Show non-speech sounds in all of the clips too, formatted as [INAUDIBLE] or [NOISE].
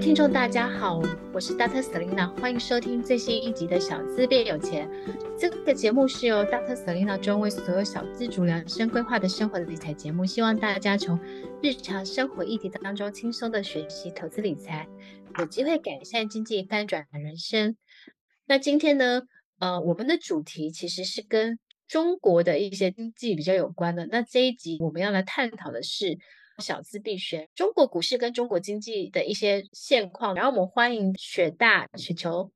聽眾大家好，我是 Dr. Selena 歡迎收聽最新一集的《小資變有錢》。這個節目是由 Dr. Selena 專為所有小資主量身規劃的生活的理財節目，希望大家從日常生活議題當中輕鬆的學習投資理財，有機會改善經濟翻轉的人生。那今天呢，呃，我們的主題其實是跟中國的一些經濟比較有關的。那這一集我們要來探討的是。小資必學，中國股市跟中國經濟的一些現況，然後我們歡迎雪大雪球。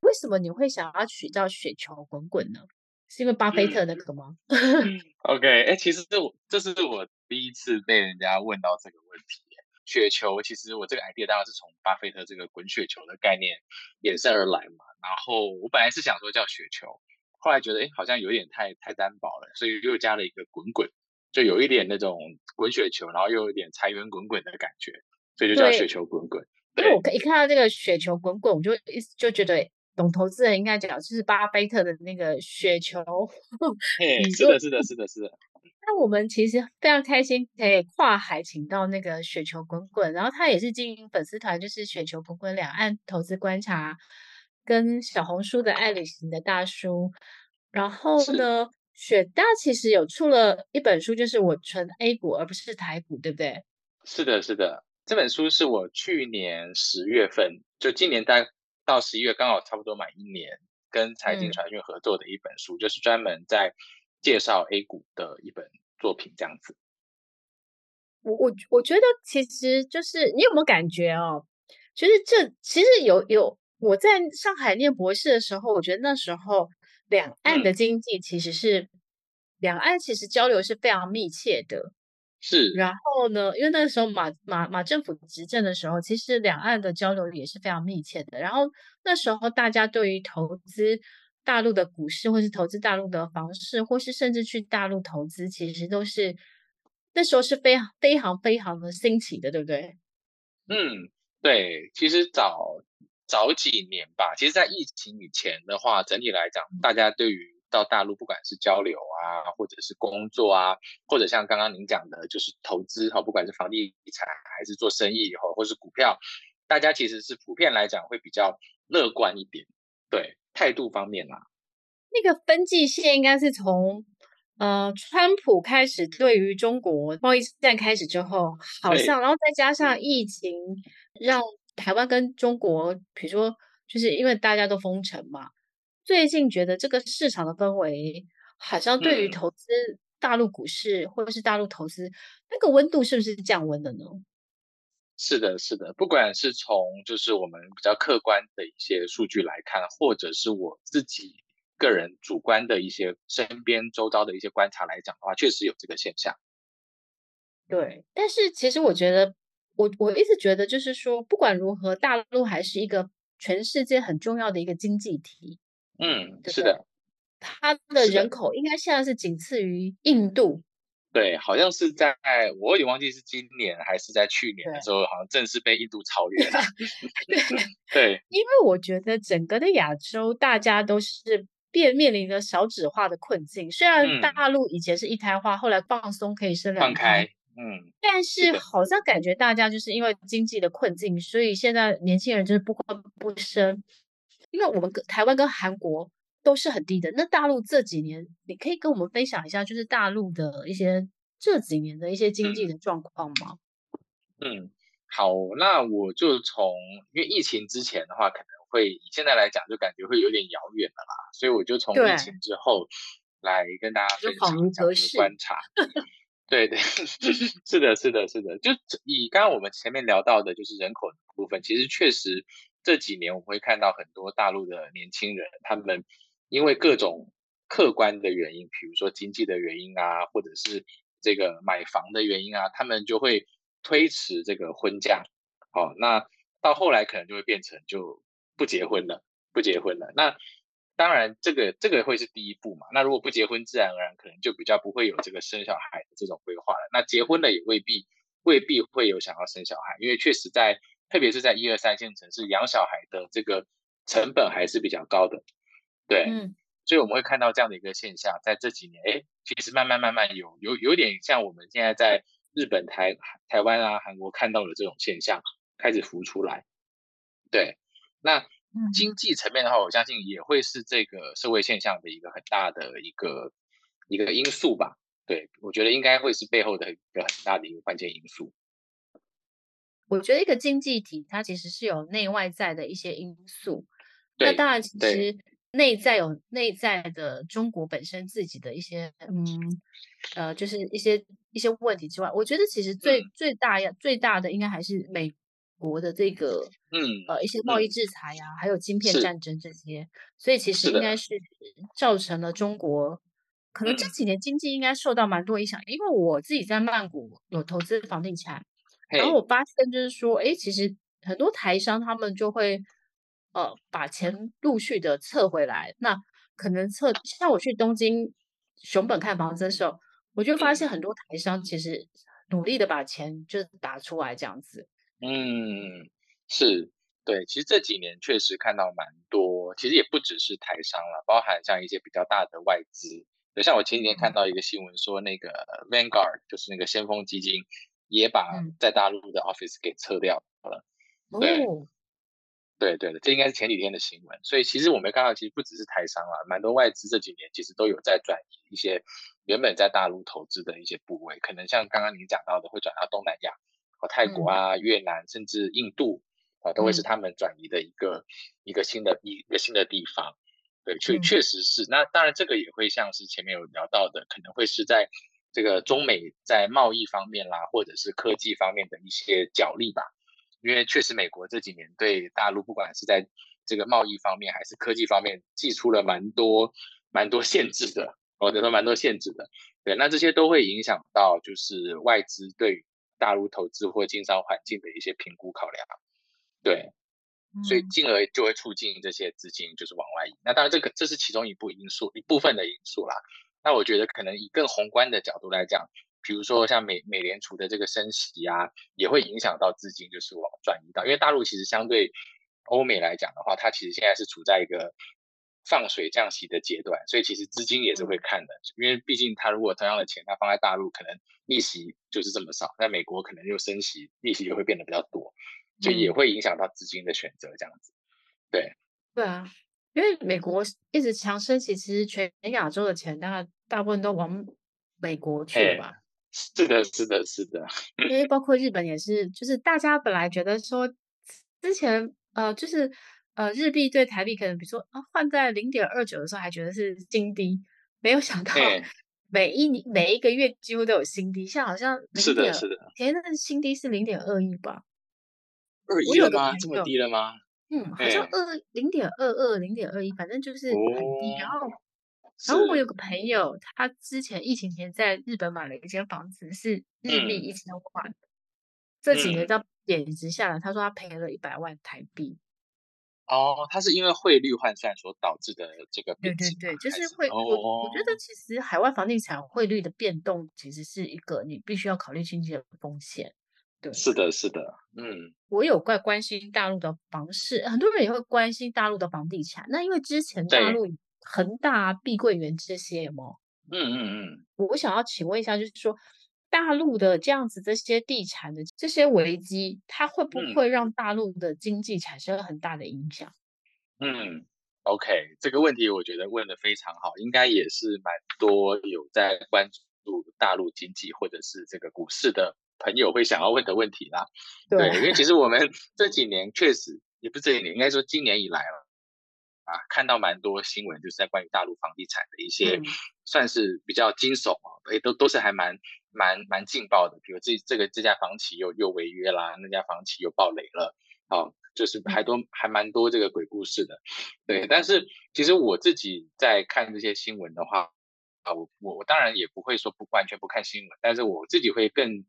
為什麼你會想要取叫雪球滾滾呢？是因為巴菲特那個嗎、嗯、 [LAUGHS] ？OK，、欸、其實我這，這是我第一次被人家問到這個問題。雪球其實我這個 idea 大概是從巴菲特這個滾雪球的概念衍生而來嘛。然後我本來是想說叫雪球，後來覺得、欸、好像有點太太單薄了，所以又加了一個滾滾。就有一點那種滾雪球，然後又有一點財源滾滾的感覺，所以就叫雪球滾滾。對，對，對我一看到這個雪球滾滾，我就一就覺得，懂投資人應該講就是巴菲特的那個雪球。 [LAUGHS] 是的，是的，是的，是的。那我們其實非常開心可以跨海請到那個雪球滾滾，然後他也是經營粉絲團，就是雪球滾滾兩岸投資觀察，跟小紅書的愛旅行的大叔。然後呢？雪大其實有出了一本書，就是我存 A 股而不是台股，對不對？是的，是的，這本書是我去年十月份，就今年到到十一月剛好差不多滿一年，跟財經傳訊合作的一本書，嗯，就是專門在介紹 A 股的一本作品，這樣子。我我我覺得其實就是你有沒有感覺哦？就是這其實有有我在上海念博士的時候，我覺得那時候。兩岸的經濟其實是、嗯，兩岸其實交流是非常密切的，是。然後呢，因為那個時候馬馬馬政府執政的時候，其實兩岸的交流也是非常密切的。然後那時候大家對於投資大陸的股市，或是投資大陸的房市，或是甚至去大陸投資，其實都是那時候是非常非常非常的興起的，對不對？嗯，對。其實早。早幾年吧，其實，在疫情以前的話，整體來講，大家對於到大陸，不管是交流啊，或者是工作啊，或者像剛剛您講的，就是投資，哈，不管是房地產還是做生意，哈，或是股票，大家其實是普遍來講會比較樂觀一點，對，態度方面啊。那個分界線應該是從呃，川普開始對於中國貿易戰開始之後，好像，然後再加上疫情讓。台灣跟中國，比如說，就是因為大家都封城嘛。最近覺得這個市場的氛圍，好像對於投資大陸股市，嗯，或者是大陸投資，那個溫度是不是降溫的呢？是的，是的。不管是從就是我們比較客觀的一些數據來看，或者是我自己個人主觀的一些身邊周遭的一些觀察來講的話，確實有這個現象。對，但是其實我覺得。我我一直覺得，就是說，不管如何，大陸還是一個全世界很重要的一個經濟體。嗯，是的，它的人口應該現在是僅次於印度。對，好像是在我也忘記是今年還是在去年的時候，好像正式被印度超越了 [LAUGHS] 對 [LAUGHS] 對。對，因為我覺得整個的亞洲大家都是面面臨着少子化的困境。雖然大陸以前是一胎化，嗯、後來放鬆可以生兩胎。放開嗯，但是好像感覺大家就是因為經濟的困境，嗯、所以現在年輕人就是不婚不生。因為我們跟台灣跟韓國都是很低的,那大陸這幾年，你可以跟我們分享一下，就是大陸的一些這幾年的一些經濟的狀況嗎？嗯，嗯好，那我就從因為疫情之前的話，可能會以現在來講，就感覺會有點遙遠了啦，所以我就從疫情之後來跟大家分享、分享一下一個觀察。 [LAUGHS] 對對是的，是的，是的，是的，就以剛剛我們前面聊到的，就是人口的部分，其實確實這幾年我們會看到很多大陸的年輕人，他們因為各種客觀的原因，比如說經濟的原因啊，或者是這個買房的原因啊，他們就會推遲這個婚嫁，好、哦，那到後來可能就會變成就不結婚了，不結婚了，那。當然，這個這個會是第一步嘛。那如果不結婚，自然而然可能就比較不會有這個生小孩的這種規劃了。那結婚了也未必未必會有想要生小孩，因為確實在，特別是在一二三線城市，養小孩的這個成本還是比較高的。對、嗯，所以我們會看到這樣的一個現象，在這幾年，哎，其實慢慢慢慢有有有點像我們現在在日本、台台灣啊、韓國看到的這種現象開始浮出來。對，那。經濟層面的話，我相信也會是這個社會現象的一個很大的一個一個因素吧。對，我覺得應該會是背後的一個很大的一個關鍵因素。我覺得一個經濟體它其實是有內外在的一些因素。對，那當然，其實內在有內在的中國本身自己的一些嗯呃，就是一些一些問題之外，我覺得其實最最大要最大的應該還是美。國的這個，嗯，呃，一些貿易制裁呀、啊嗯，還有晶片戰爭這些，所以其實應該是造成了中國可能這幾年經濟應該受到蠻多影響。嗯、因為我自己在曼谷有投資房地產，哎，然後我發現就是說，哎，其實很多台商他們就會呃把錢陸續的撤回來。那可能撤，像我去東京熊本看房子的時候，我就發現很多台商其實努力的把錢就是打出來這樣子。嗯，是，對，其實這幾年確實看到蠻多，其實也不只是台商了，包含像一些比較大的外資，就像我前幾天看到一個新聞說，那個 Vanguard、嗯、就是那個先鋒基金，也把在大陸的 office 給撤掉了。嗯、對、嗯、對對、對，這應該是前幾天的新聞，所以其實我們看到其實不只是台商了，蠻多外資這幾年其實都有在轉移一些原本在大陸投資的一些部位，可能像剛剛您講到的，會轉到東南亞。和泰國啊、嗯、越南甚至印度啊，都會是他們轉移的一個、嗯、一個新的一個新的地方。對，確確實是。那當然，這個也會像是前面有聊到的，可能會是在這個中美在貿易方面啦，或者是科技方面的一些角力吧。因為確實，美國這幾年對大陸，不管是在這個貿易方面還是科技方面，祭出了蠻多蠻多限制的，哦，對，都蠻多限制的。對，那這些都會影響到就是外資對。大陸投資或經商環境的一些評估考量，對，所以進而就會促進這些資金就是往外移。嗯，那當然，這個這是其中一部因素一部分的因素啦。那我覺得可能以更宏觀的角度來講，比如說像美美聯儲的這個升息啊，也會影響到資金就是往轉移到，因為大陸其實相對歐美來講的話，它其實現在是處在一個。放水降息的階段，所以其實資金也是會看的，因為畢竟他如果有同樣的錢，他放在大陸可能利息就是這麼少，但美國可能就升息，利息就會變得比較多，就也會影響到資金的選擇這樣子。對，嗯、對啊，因為美國一直強升息，其實全亞洲的錢大概大部分都往美國去吧？Hey, 是的，是的，是的， [LAUGHS] 因為包括日本也是，就是大家本來覺得說之前呃，就是。呃，日幣對台幣可能，比如說啊，換在零點二九的時候還覺得是新低，沒有想到每一年、欸、每一個月幾乎都有新低，像好像，是的，是的，前那個新低是零點二一吧？二一嗎我有？這麼低了嗎？嗯，欸、好像二零點二二、零點二一，反正就是很低、啊。然、哦、後，然後我有個朋友，他之前疫情前在日本買了一間房子，是日幣一千塊、嗯，這幾年到貶值下來、嗯，他說他賠了一百萬台幣。哦，它是因為匯率換算所導致的這個病、啊、對對對，是就是會我、哦、我覺得其實海外房地產匯率的變動其實是一個你必須要考慮進去的風險，對。是的，是的，嗯。我有怪關心大陸的房市，很多人也會關心大陸的房地產。那因為之前大陸恆大、碧桂園這些嘛嗯嗯嗯。我想要請問一下，就是說。大陸的這樣子，這些地產的這些危機，它會不會讓大陸的經濟產生很大的影響？嗯，OK，這個問題我覺得問的非常好，應該也是蠻多有在關注大陸經濟或者是這個股市的朋友會想要問的問題啦。對，對，因為其實我們這幾年確實，也不是這幾年，應該說今年以來了。啊，看到蠻多新聞，就是在關於大陸房地產的一些，嗯、算是比較驚悚啊，也都都是還蠻蠻蠻勁爆的，比如這這個這家房企又又違約啦，那家房企又爆雷了，啊、就是還多還蠻多這個鬼故事的，對，但是其實我自己在看這些新聞的話，啊，我我當然也不會說不完全不看新聞，但是我自己會更。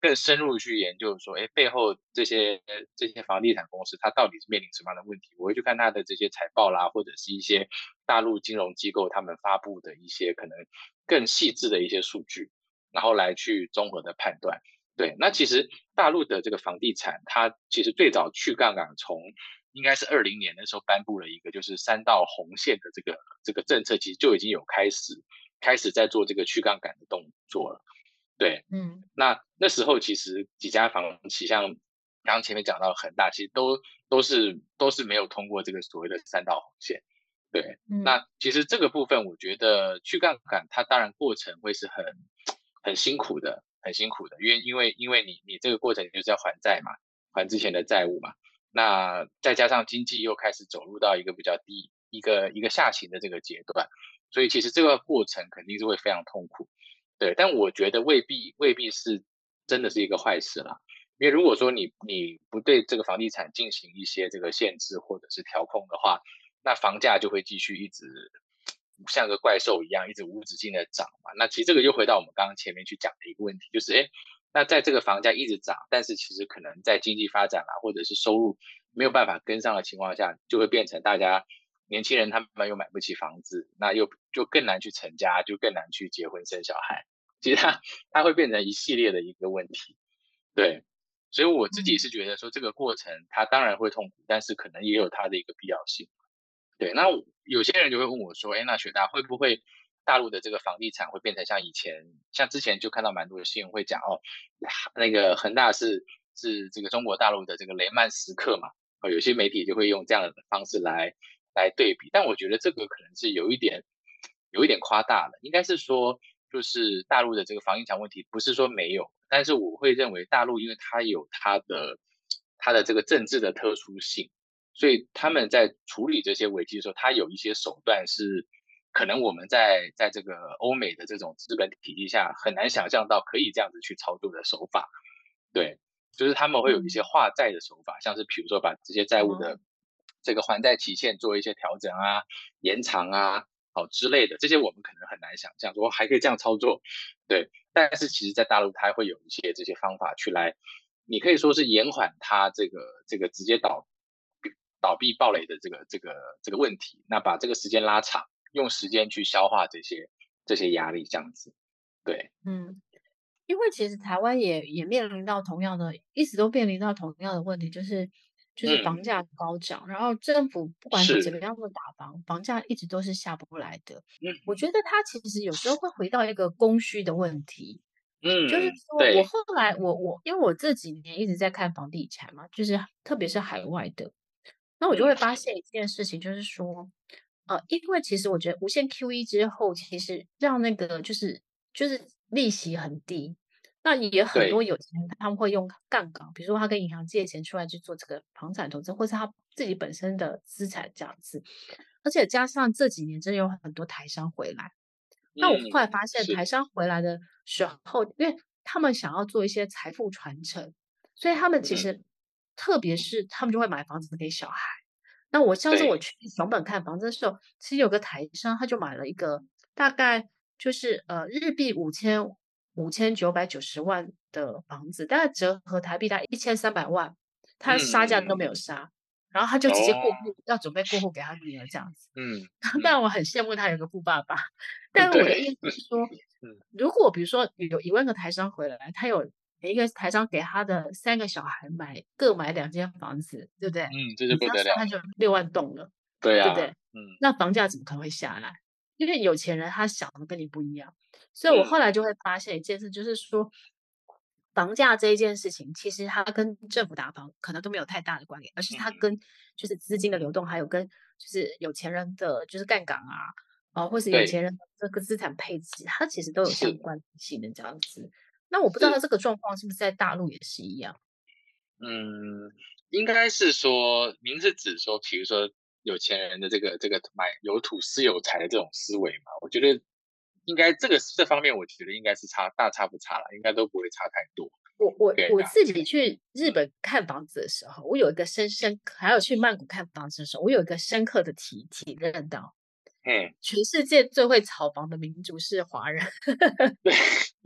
更深入去研究說，說、哎、誒背後這些這些房地產公司，它到底是面臨什麼樣的問題？我會去看它的這些財報啦，或者是一些大陸金融機構他們發布的一些可能更細緻的一些數據，然後來去綜合的判斷。對，那其實大陸的這個房地產，它其實最早去槓桿從，從應該是二零年的時候頒布了一個就是三道紅線的這個這個政策，其實就已經有開始開始在做這個去槓桿的動作了。對，嗯，那那時候其實幾家房企，像剛前面講到恆大，其實都都是都是沒有通過這個所謂的三道紅線。對，嗯。那其實這個部分，我覺得去槓桿，它當然過程會是很很辛苦的，很辛苦的，因為因為因為你你這個過程就是要還債嘛，還之前的債務嘛，那再加上經濟又開始走入到一個比較低一個一個下行的這個階段，所以其實這個過程肯定是會非常痛苦。對，但我覺得未必，未必是真的是一個壞事啦，因為如果說你你不對這個房地產進行一些這個限制或者是調控的話，那房價就會繼續一直像個怪獸一樣一直無止境的漲嘛。那其實這個又回到我們剛剛前面去講的一個問題，就是誒，那在這個房價一直漲，但是其實可能在經濟發展啊或者是收入沒有辦法跟上的情況下，就會變成大家。年輕人他們又買不起房子，那又就更難去成家，就更難去結婚生小孩。其實它它會變成一系列的一個問題，對。所以我自己是覺得說，這個過程它當然會痛苦，但是可能也有它的一個必要性。對。那有些人就會問我說：“哎，那雪大會不會大陸的這個房地產會變成像以前，像之前就看到蠻多的新聞會講哦，那個恆大是是這個中國大陸的這個雷曼時刻嘛？哦，有些媒體就會用這樣的方式來。”來對比，但我覺得這個可能是有一點，有一點誇大了。應該是說，就是大陸的這個房地產問題不是說沒有，但是我會認為大陸因為它有它的它的這個政治的特殊性，所以他們在處理這些危機的時候，它有一些手段是可能我們在在這個歐美的這種資本體系下很難想象到可以這樣子去操作的手法。對，就是他們會有一些化債的手法，像是比如說把這些債務的、嗯。這個還債期限做一些調整啊、延長啊、好之類的，這些我們可能很難想象說我還可以這樣操作，對。但是其實，在大陸它會有一些這些方法去來，你可以說是延緩它這個這個直接倒倒閉暴雷的這個這個這個問題，那把這個時間拉長，用時間去消化這些這些壓力，這樣子，對，嗯，因為其實台灣也也面臨到同樣的，一直都面臨到同樣的問題，就是。就是房價高漲，嗯，然後政府不管是怎麼樣的打房，房價一直都是下不來的。我覺得它其實有時候會回到一個供需的問題。嗯，就是說我後來我我，因為我這幾年一直在看房地產嘛，就是特別是海外的，那我就會發現一件事情，就是說，呃，因為其實我覺得無限 QE 之後，其實讓那個就是就是利息很低。那也很多有錢人，他們會用槓桿，比如說他跟銀行借錢出來去做這個房產投資，或是他自己本身的資產這樣子。而且加上這幾年真的有很多台商回來，嗯、那我後來發現台商回來的時候，因為他們想要做一些財富傳承，所以他們其實特別是他們就會買房子給小孩。那我上次我去熊本看房子的時候，其實有個台商他就買了一個大概就是呃日幣五千。五千九百九十萬的房子，但是折合台幣大概一千三百萬，他殺價都沒有殺，嗯、然後他就直接過戶、哦，要準備過戶給他女兒這樣子。嗯，但我很羨慕他有個富爸爸、嗯。但我的意思是說，如果比如說有一萬個台商回來，他有一個台商給他的三個小孩買各買兩間房子，對不對？嗯，這就不得了，他他就六萬棟了，對啊，對不對、嗯？那房價怎麼可能會下來？因為有錢人他想的跟你不一樣，所以我後來就會發現一件事，就是說房價這一件事情，其實它跟政府打房可能都沒有太大的關聯，而是它跟就是資金的流動，還有跟就是有錢人的就是槓桿啊，啊，或是有錢人的這個資產配置，它其實都有相關性的這樣子。那我不知道他這個狀況是不是在大陸也是一樣？嗯，應該是說，您是指說，比如說。有錢人的這個這個買有土斯有財的這種思維嘛，我覺得應該這個這方面，我覺得應該是差大差不差了，應該都不會差太多。我我、啊、我自己去日本看房子的時候、嗯，我有一個深深，還有去曼谷看房子的時候，我有一個深刻的體體認到，嗯，全世界最會炒房的民族是華人。 [LAUGHS]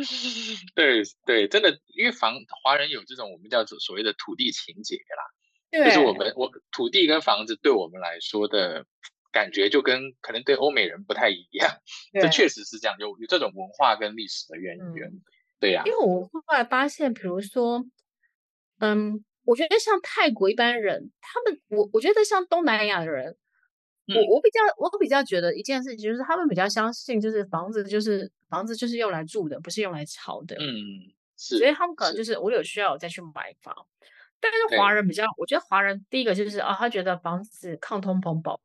對對對，真的，因為房華人有這種我們叫做所謂的土地情結啦。就是我們，我土地跟房子對我們來說的感覺，就跟可能對歐美人不太一樣。這確實是這樣，有有這種文化跟歷史的淵源，源，嗯、對呀、啊。因為我後來發現，比如說，嗯，我覺得像泰國一般人，他們，我我覺得像東南亞的人，我、嗯、我比較我比較覺得一件事情就是，他們比較相信，就是房子就是房子就是用來住的，不是用來炒的。嗯，是。所以他們可能就是我有需要再去買房。但是華人比較，我覺得華人第一個就是啊，他覺得房子抗通膨保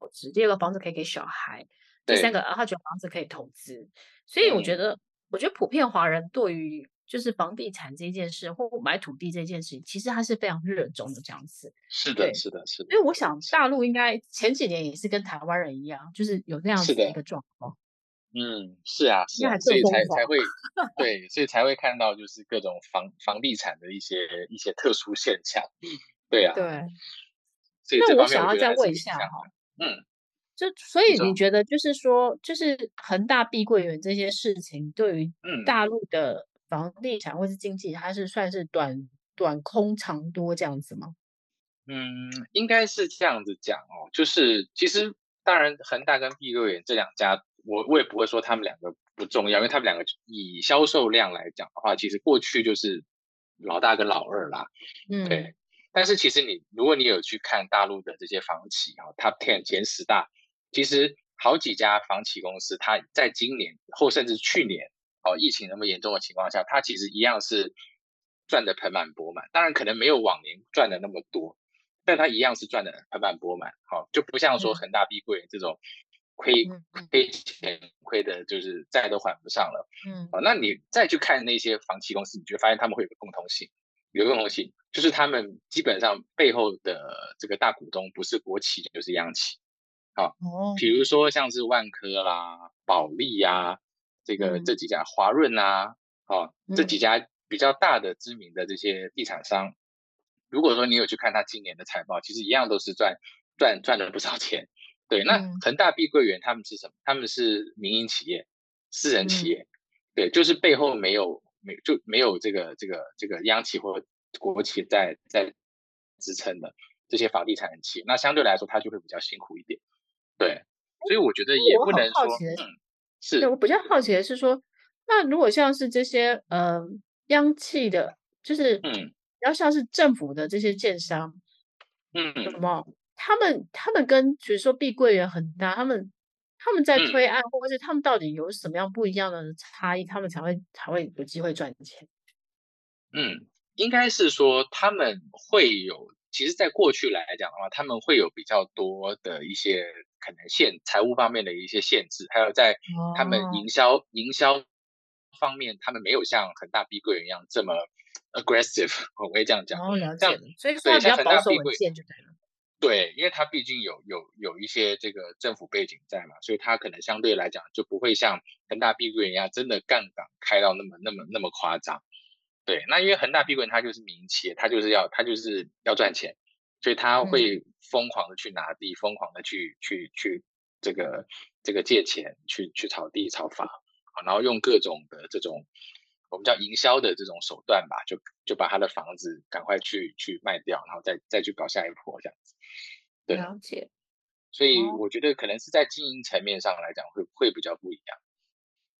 保值；第二個房子可以給小孩；第三個啊，他覺得房子可以投資。所以我覺得，我覺得普遍華人對於就是房地產這件事或買土地這件事情，其實他是非常熱衷的這樣子。是的，是的，是的。因為我想大陸應該前幾年也是跟台灣人一樣，就是有那樣子的一個狀況。嗯，是啊，是啊，所以才才會，對，所以才會看到就是各種房 [LAUGHS] 房地產的一些一些特殊現象，對啊，對。所以我啊、那我想要再問一下哈，嗯，就所以你覺得就是說，就是恆大碧桂園這些事情對於大陸的房地產或是經濟，嗯、它是算是短短空長多這樣子嗎？嗯，應該是這樣子講哦，就是其實當然恆大跟碧桂園這兩家。我我也不會說他們兩個不重要，因為他們兩個以銷售量來講的話，其實過去就是老大跟老二啦。嗯，對。但是其實你如果你有去看大陸的這些房企啊，哦，Top Ten 前十大，其實好幾家房企公司，它在今年或甚至去年，哦，疫情那麼嚴重的情況下，它其實一樣是賺的盆滿缽滿。當然可能沒有往年賺的那麼多，但它一樣是賺的盆滿缽滿。好，哦，就不像說恆大、碧桂園這種。嗯虧虧錢虧的，就是債都還不上了。嗯、哦，那你再去看那些房企公司，你就發現他們會有個共同性，有個共同性就是他們基本上背後的這個大股東不是國企就是央企、哦哦。比如說像是萬科啦、啊、保利呀、啊，這個這幾家、嗯、華潤啊、哦，這幾家比較大的知名的這些地產商、嗯，如果說你有去看他今年的財報，其實一樣都是賺賺賺了不少錢。對，那恆大碧桂園他們是什麼？嗯、他們是民營企業、私人企業，嗯、對，就是背後沒有沒有就沒有這個這個這個央企或國企在在支撐的這些房地產企業，那相對來說它就會比較辛苦一點。對，所以我覺得也不能說。嗯嗯嗯、是，對我，嗯嗯、我比較好奇的是說，那如果像是這些嗯、呃、央企的，就是嗯，然後像是政府的這些建商，嗯，什麼？嗯他們他們跟，比如說碧桂園恆大，他們他們在推案，嗯、或者是他們到底有什麼樣不一樣的差異，他們才會才會有機會賺錢。嗯，應該是說他們會有，其實在過去來講的話，他們會有比較多的一些可能限財務方面的一些限制，還有在他們營銷、哦、營銷方面，他們沒有像恆大碧桂園一樣這麼 aggressive，我會這樣講，這、哦、樣，所以他們比較保守穩健就對了。對，因為他畢竟有有有一些這個政府背景在嘛，所以他可能相對來講就不會像恆大碧桂園一樣真的槓桿開到那麼那麼那麼誇張。對，那因為恆大碧桂園它就是民營企業，它就是要它就是要賺錢，所以他會瘋狂的去拿地，嗯、瘋狂的去去去這個這個借錢，去去炒地炒房啊，然後用各種的這種我們叫營銷的這種手段吧，就就把他的房子趕快去去賣掉，然後再再去搞下一波這樣子。對，了解，所以我覺得可能是在經營層面上來講會、哦、會，會比較不一樣。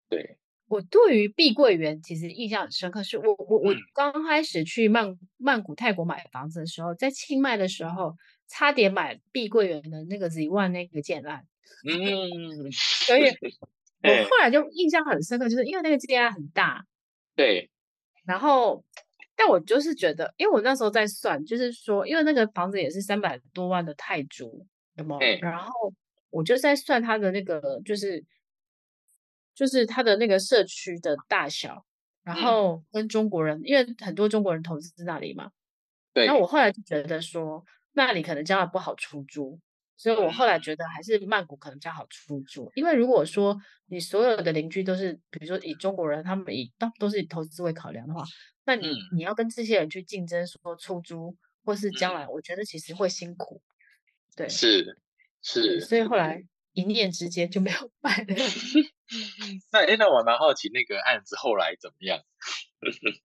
對，我對於碧桂園其實印象很深刻，是我我我剛開始去曼曼谷泰國買房子的時候，在清邁的時候，差點買碧桂園的那個 Z1 那個建案。嗯，所以 [LAUGHS] 我後來就印象很深刻，就是因為那個建案很大。對，然後。那我就是覺得，因為我那時候在算，就是說，因為那個房子也是三百多萬的泰銖，有沒有？然後我就在算它的那個，就是就是它的那個社區的大小，然後跟中國人，嗯、因為很多中國人投資在那裡嘛，對。那我後來就覺得說，那裡可能將來不好出租。所以，我後來覺得還是曼谷可能比較好出租，嗯，因為如果說你所有的鄰居都是，比如說以中國人，他們以大都是以投資為考量的話，那你、嗯、你要跟這些人去競爭，說出租或是將來，我覺得其實會辛苦。嗯、對，是是，所以後來一念、嗯、之間就沒有辦法、 [LAUGHS] [LAUGHS] 欸。那安那我蠻好奇那個案子後來怎麼樣？ [LAUGHS]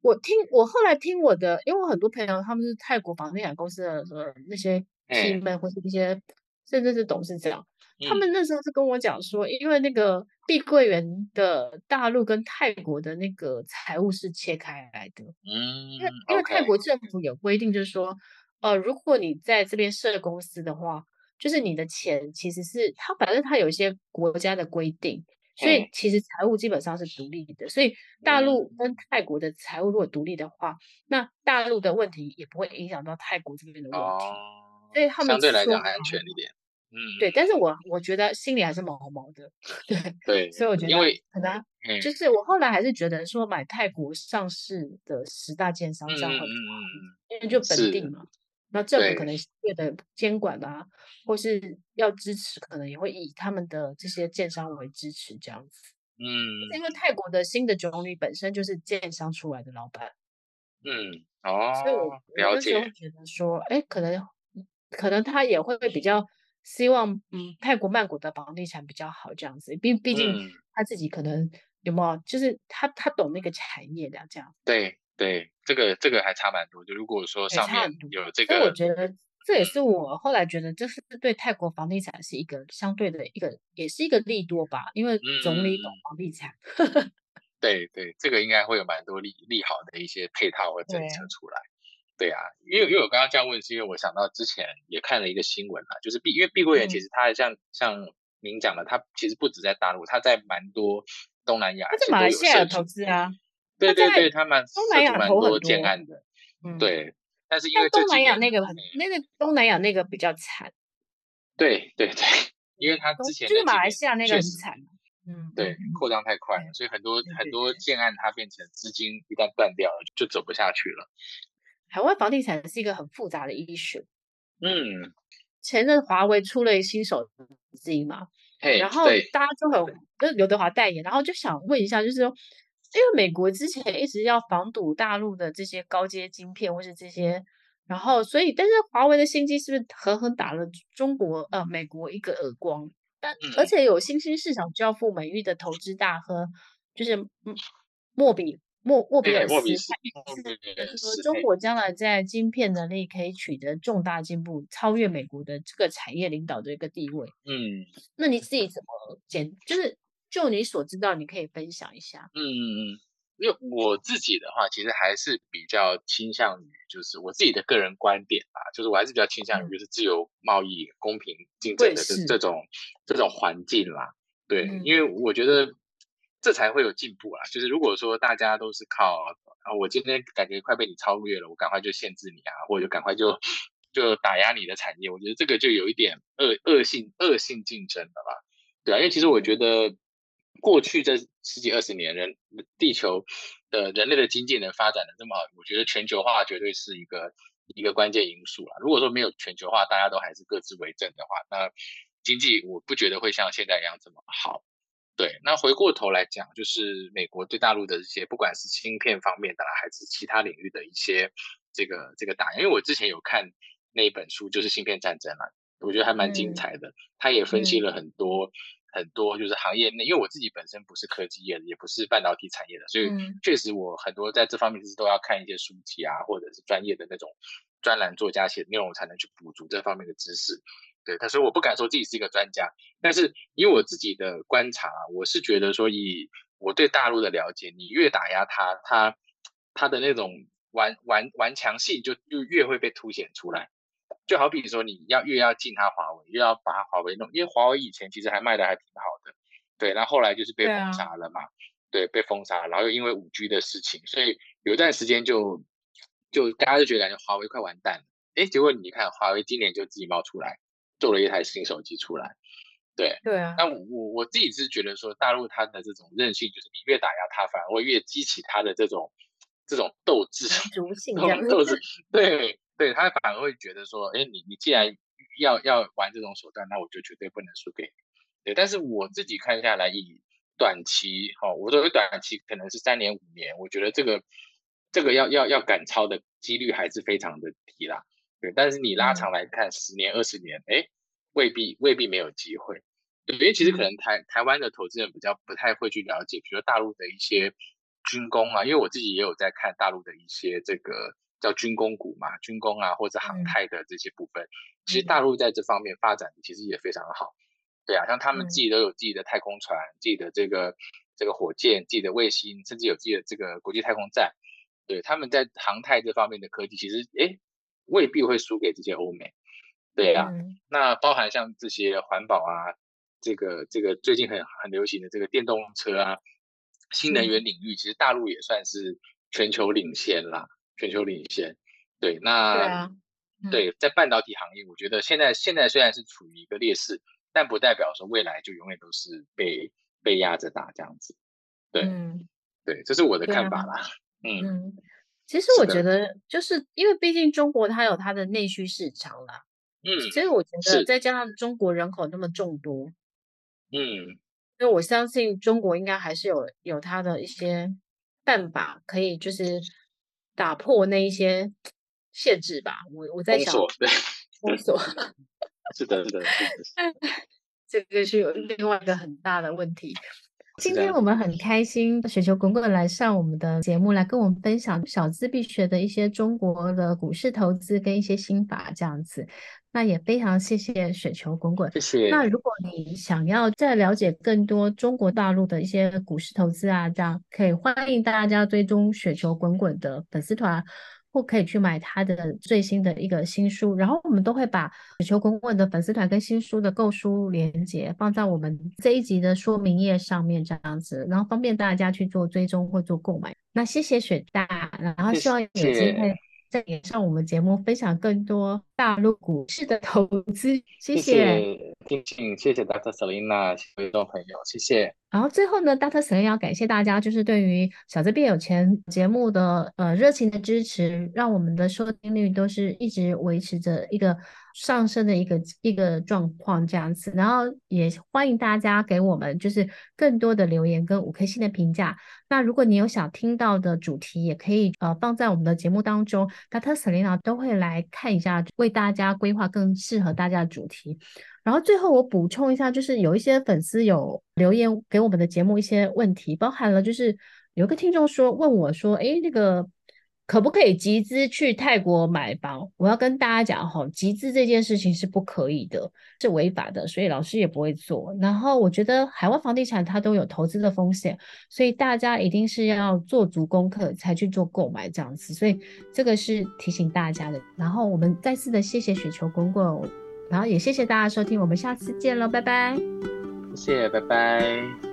我聽，我後來聽我的，因為我很多朋友他們是泰國房地產公司的，呃，那些。他、嗯、們或者一些，甚至是董事長、嗯，他們那時候是跟我講說，因為那個碧桂園的大陸跟泰國的那個財務是切開來的，嗯，因為、Okay. 因為泰國政府有規定，就是說，呃，如果你在這邊設公司的話，就是你的錢其實是他，它反正他有一些國家的規定，所以其實財務基本上是獨立的，嗯、所以大陸跟泰國的財務如果獨立的話、嗯，那大陸的問題也不會影響到泰國這邊的問題。嗯他們，相對來講還安全一點，嗯，對，但是我我覺得心裡還是毛毛、毛的，對對，所以我覺得，因為可能就是我後來還是覺得說，買泰國上市的十大建商這樣很嗯。因為就本地嘛。那政府可能為了監管啦、啊，或是要支持，可能也會以他們的這些建商為支持這樣子。嗯，因為泰國的新的九龍女本身就是建商出來的老闆，嗯哦、啊，所以我了解，我覺得說，哎、欸，可能。可能他也會比較希望，嗯，泰國曼谷的房地產比較好，這樣子。畢、嗯、畢竟他自己可能、嗯、有沒有，就是他他懂那個產業的這樣。對對，這個這個還差蠻多。就如果說上面有這個，我覺得這也是我後來覺得，就是對泰國房地產是一個相對的一個，也是一個利多吧。因為總理懂房地產。嗯、呵呵對對，這個應該會有蠻多利利好的一些配套和政策出來。對啊，因為因為我剛剛這樣問，是因為我想到之前也看了一個新聞啊，就是碧，因為碧桂園其實它像、嗯、像您講的，它其實不止在大陸，它在蠻多東南亞西它馬來西亞有投資啊。嗯、對，對對對，它他蠻東蠻多，東多建案的。對。嗯、但是因為東南亞那個很、嗯、那個、那個、東南亞那個比較慘。對對，對對，因為它之前就是馬來西亞那個很慘。嗯，對，擴張太快了，嗯、所以很多對對對，很多建案它變成資金一旦斷掉了，就走不下去了。台灣房地產是一個很複雜的 issue。嗯，前任華為出了新手機嘛？然後大家就很跟劉德華代言，然後就想問一下，就是說，因為美國之前一直要防堵大陸的這些高階晶片或是這些，然後所以，但是華為的新機是不是狠狠打了中國呃美國一個耳光？但、嗯、而且有新興市場教父美譽的投資大亨，就是嗯，莫比。莫莫比爾斯，對對對，就是說中國將來在晶片能力可以取得重大進步，超越美國的這個產業領導的一個地位。嗯，那你自己怎麼簡，就是就你所知道，你可以分享一下。嗯嗯嗯，因為我自己的話，其實還是比較傾向於，就是我自己的個人觀點啦，就是我還是比較傾向於就是自由貿易、公平競爭的這這種這種環境啦。對，嗯，因為我覺得。這才會有進步啦。就是如果說大家都是靠啊，我今天感覺快被你超越了，我趕快就限制你啊，或者趕快就就打壓你的產業，我覺得這個就有一點惡惡性惡性競爭了吧。對啊，因為其實我覺得過去這十幾二十年，人地球的人類的經濟能發展得這麼好，我覺得全球化絕對是一個一個關鍵因素啦。如果說沒有全球化，大家都還是各自為政的話，那經濟我不覺得會像現在一樣這麼好。對，那回過頭來講，就是美國對大陸的一些，不管是芯片方面的啦，還是其他領域的一些這個這個打壓。因為我之前有看那本書，就是《芯片戰爭》嘛，我覺得還蠻精彩的。嗯、他也分析了很多、嗯、很多，就是行業內，因為我自己本身不是科技業的，也不是半導體產業的，所以確實我很多在這方面其實都要看一些書籍啊，或者是專業的那種專欄作家寫的內容才能去補足這方面的知識。對，但是我不敢說自己是一個專家，但是以我自己的觀察，我是覺得說，以我對大陸的了解，你越打壓他，他他的那種頑頑頑強性就就越會被凸顯出來。就好比說，你要越要禁他華為，越要把華為弄，因為華為以前其實還賣的還挺好的，對，然後後來就是被封殺了嘛，對，啊對，被封殺，然後又因為五 G 的事情，所以有一段時間就就大家就覺得感覺華為快完蛋了，哎，結果你看華為今年就自己冒出來。做了一台新手機出來，對對啊。那我我我自己是覺得說，大陸它的這種韌性，就是你越打壓它，反而會越激起它的這種這種鬥志，韌性鬥志。對對，他反而會覺得說，哎，你你既然要要玩這種手段，那我就絕對不能輸給你。對，但是我自己看下來，以短期哈、哦，我所謂短期可能是三年五年，我覺得這個這個要要要趕超的幾率還是非常的低啦。對，但是你拉長來看，十年、嗯、二十年，誒，未必未必沒有機會。對，因為其實可能台、嗯、台灣的投資人比較不太會去了解，比如大陸的一些軍工啊，因為我自己也有在看大陸的一些這個叫軍工股嘛，軍工啊或者航太的這些部分、嗯。其實大陸在這方面發展的其實也非常的好。對啊，像他們自己都有自己的太空船、嗯、自己的這個這個火箭、自己的衛星，甚至有自己的這個國際太空站。對，他們在航太這方面的科技，其實誒。未必會輸給這些歐美，對啊。嗯、那包含像這些環保啊，這個這個最近很很流行的這個電動車啊，新能源領域，嗯、其實大陸也算是全球領先啦，嗯、全球領先。對，那、嗯、對在半導體行業，我覺得現在現在雖然是處於一個劣勢，但不代表說未來就永遠都是被被壓着打這樣子。對、嗯，對，這是我的看法啦。嗯。嗯其實我覺得，就是因為畢竟中國它有它的內需市場啦，嗯，所以我覺得再加上中國人口那麼眾多，嗯，所以我相信中國應該還是有有它的一些辦法可以就是打破那一些限制吧。我我在想，封鎖，封鎖，是的，是、嗯、的， [LAUGHS] 這個是有另外一個很大的問題。今天我們很開心，雪球滾滾來上我們的節目，來跟我們分享小資必學的一些中國的股市投資跟一些心法這樣子。那也非常謝謝雪球滾滾，謝謝。那如果你想要再了解更多中國大陸的一些股市投資啊，這樣可以歡迎大家追蹤雪球滾滾的粉絲團。或可以去買他的最新的一個新書，然後我們都會把雪球滾滾的粉絲團跟新書的購書鏈接放在我們這一集的說明頁上面，這樣子，然後方便大家去做追蹤或做購買。那謝謝雪大，然後希望有機會再上我們節目分享更多。謝謝大陸股市的投資，謝謝敬請謝謝 Doctor Selena，聽眾朋友，謝謝。然後最後呢，Doctor Selena 要感謝大家，就是對於《小資變有錢》節目的呃熱情的支持，讓我們的收聽率都是一直維持着一個上升的一個一個狀況這樣子。然後也歡迎大家給我們就是更多的留言跟五顆星的評價。那如果你有想聽到的主題，也可以呃放在我們的節目當中，Doctor Selena 都會來看一下為。大家規劃更適合大家的主題，然後最後我補充一下，就是有一些粉絲有留言給我們的節目一些問題，包含了就是有個聽眾說問我說，哎，那個。可不可以集資去泰國買房？我要跟大家講吼，集資這件事情是不可以的，是違法的，所以老師也不會做。然後我覺得海外房地產它都有投資的風險，所以大家一定是要做足功課才去做購買這樣子。所以這個是提醒大家的。然後我們再次的謝謝雪球滾滾，然後也謝謝大家收聽，我們下次見嘍，拜拜。謝謝，拜拜。